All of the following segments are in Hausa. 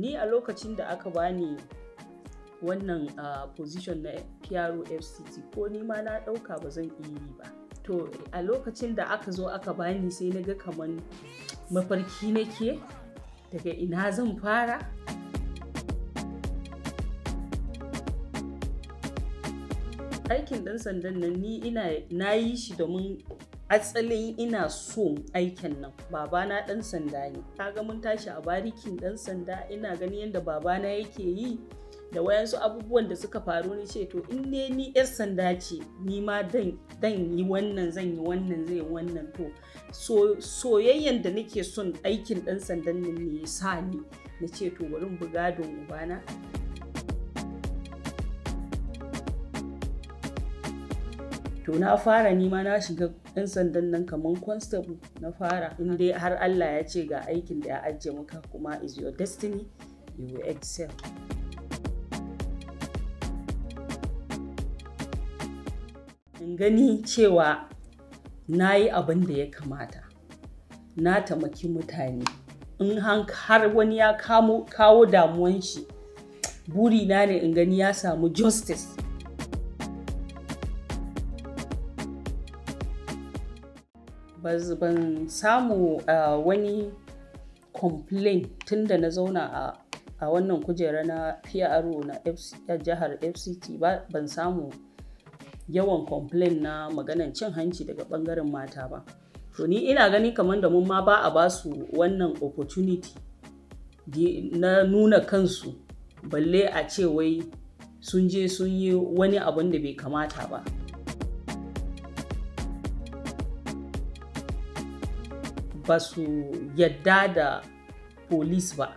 ni a lokacin da aka bani wannan uh, position na PRO FCT ko ni ma na ɗauka ba zan iya yi ba to a lokacin da aka zo aka bani sai na ga kaman mafarki nake daga ina zan fara aikin ɗan sandan nan ni ina na yi shi domin Atsalin ina so aikin nan babana dan sanda ne kaga mun tashi a barikin dan sanda ina gani yadda babana yake yi da wayansu abubuwan da suka faru ni ce to in ne ni yar sanda ce ni ma dan yi wannan zan yi wannan zai wannan to soyayyen da nake son aikin dan sandan nan ne ya sa ni na ce to bari buga don ubana. to na fara nima na shiga yan sandan nan kamar constable na fara in dai har Allah ya ce ga aikin da ya ajiye maka kuma is your destiny you will excel in gani cewa na yi abin da ya kamata na tamaki mutane in har wani ya kawo damuwan shi burina ne in gani ya samu justice ban samu uh, wani complain tun da na zauna a a wannan kujera na PRO na jihar FCT ban samu yawan complain na maganan cin hanci daga bangaren mata ba to ni ina gani kamar da mun ma ba a basu wannan opportunity na nuna kansu balle a ce wai sun je sun yi wani abun da bai kamata ba. ba su yadda da polis ba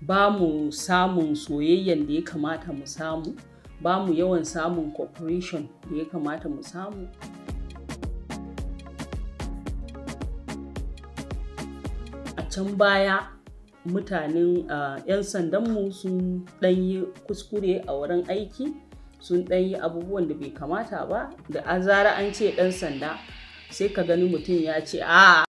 ba mu samun soyayyen da ya kamata mu samu ba mu yawan samun cooperation da ya kamata mu samu a can baya mutanen 'yan sandan mu sun ɗanyi kuskure a wurin aiki sun ɗanyi abubuwan da bai kamata ba da an zara an ce ɗan sanda sai ka gani mutum ya ce a